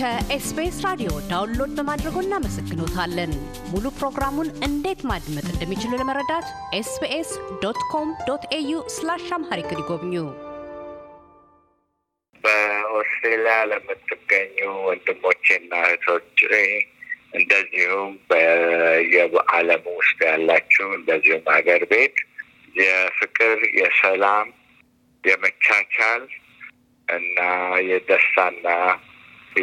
ከኤስቢኤስ ራዲዮ ዳውንሎድ በማድረጎ እናመሰግኖታለን። ሙሉ ፕሮግራሙን እንዴት ማድመጥ እንደሚችሉ ለመረዳት ኤስቢኤስ ዶት ኮም ዶት ኤዩ ስላሽ አምሃሪክ ይጎብኙ። በኦስትሬሊያ ለምትገኙ ወንድሞቼና እህቶች እንደዚሁም በየዓለም ውስጥ ያላችሁ እንደዚሁም ሀገር ቤት የፍቅር፣ የሰላም፣ የመቻቻል እና የደስታና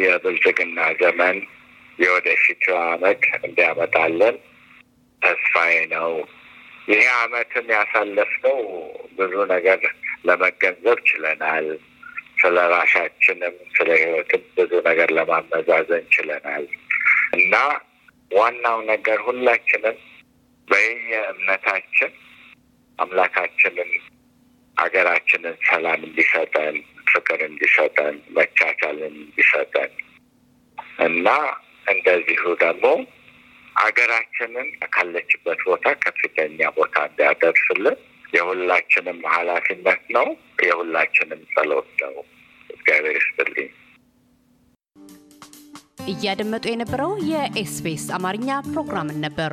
የብልጽግና ዘመን የወደፊቱ አመት እንዲያመጣለን ተስፋዬ ነው። ይሄ አመትም ያሳለፍነው ብዙ ነገር ለመገንዘብ ችለናል። ስለ ራሳችንም ስለ ህይወትም ብዙ ነገር ለማመዛዘን ችለናል እና ዋናው ነገር ሁላችንም በየእምነታችን አምላካችንን ሀገራችንን ሰላም እንዲሰጠን ፍቅር እንዲሰጠን መቻቻል እንዲሰጠን እና እንደዚሁ ደግሞ አገራችንን ካለችበት ቦታ ከፍተኛ ቦታ እንዲያደርስልን የሁላችንም ኃላፊነት ነው። የሁላችንም ጸሎት ነው። እግዚአብሔር ይስጥልኝ። እያደመጡ የነበረው የኤስቢኤስ አማርኛ ፕሮግራምን ነበር።